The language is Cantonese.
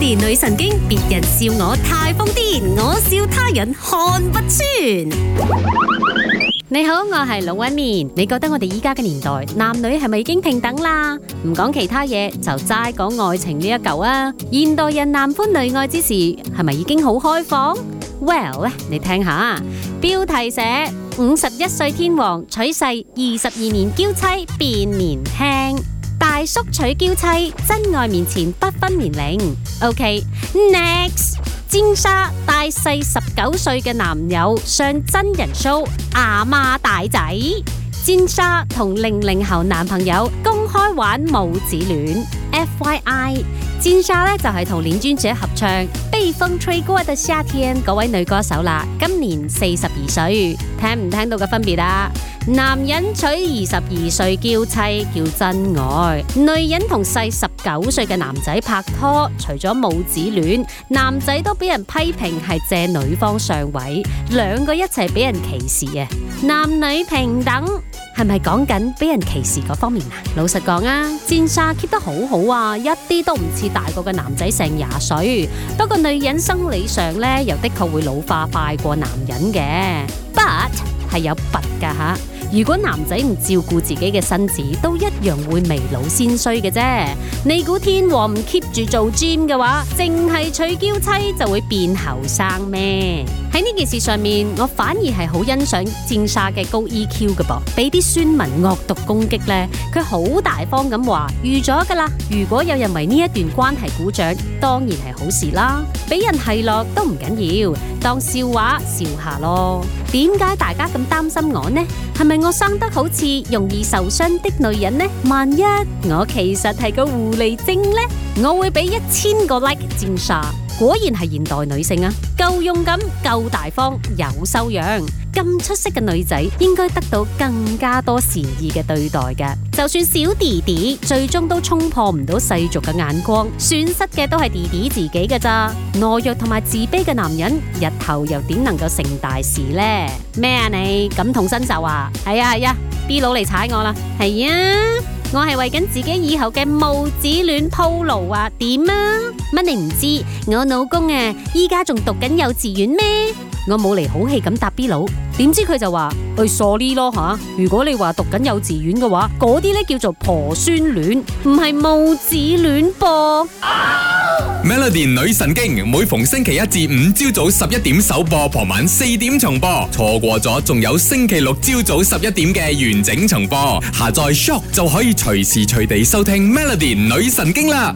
年女神經，別人笑我太瘋癲，我笑他人看不穿。你好，我係龍紋敏。你覺得我哋依家嘅年代，男女係咪已經平等啦？唔講其他嘢，就齋講愛情呢一嚿啊！現代人男歡女愛之事，係咪已經好開放？Well 咧，你聽下，標題寫五十一歲天王娶細二十二年嬌妻變年輕。大叔娶嬌妻，真愛面前不分年齡。OK，Next，、okay, 尖沙帶細十九歲嘅男友上真人 show，阿媽大仔，尖沙同零零後男朋友公開玩母子戀。FYI。金莎咧就係同《林俊傑》合唱《被風吹過的夏天》嗰位女歌手啦，今年四十二歲，聽唔聽到嘅分別啊？男人娶二十二歲嬌妻叫真愛，女人同細十九歲嘅男仔拍拖，除咗母子戀，男仔都俾人批評係借女方上位，兩個一齊俾人歧視啊！男女平等。係咪講緊俾人歧視嗰方面啊？老實講啊，戰沙 keep 得好好啊，一啲都唔似大個嘅男仔成廿歲。不過女人生理上咧，又的確會老化快過男人嘅。But 係有 but 噶吓，如果男仔唔照顧自己嘅身子，都一樣會未老先衰嘅啫。你估天王唔 keep 住做 gym 嘅話，淨係娶嬌妻就會變後生咩？喺呢件事上面，我反而係好欣賞戰沙嘅高 EQ 嘅噃，俾啲酸民惡毒攻擊咧，佢好大方咁話，預咗噶啦。如果有人為呢一段關係鼓掌，當然係好事啦。俾人奚落都唔緊要，當笑話笑下咯。點解大家咁擔心我呢？係咪我生得好似容易受傷的女人呢？萬一我其實係個狐狸精呢？我會俾一千個 like 戰沙。果然係現代女性啊，夠勇敢、夠大方、有修養，咁出色嘅女仔應該得到更加多善意嘅對待嘅。就算小弟弟最終都衝破唔到世俗嘅眼光，損失嘅都係弟弟自己嘅咋？懦弱同埋自卑嘅男人，日後又點能夠成大事呢？咩啊你感同身受啊？係啊係啊，啊，B 佬嚟踩我啦！係啊，我係為緊自己以後嘅母子戀鋪路啊？點啊？乜你唔知？我老公啊，依家仲讀緊幼稚園咩？我冇嚟好氣咁答 B 佬，點知佢就話：去傻 sorry 咯吓。如果你話讀緊幼稚園嘅話，嗰啲呢叫做婆孫戀，唔係母子戀噃。啊、Melody 女神經每逢星期一至五朝早十一點首播，傍晚四點重播，錯過咗仲有星期六朝早十一點嘅完整重播。下載 shop 就可以隨時隨地收聽 Melody 女神經啦。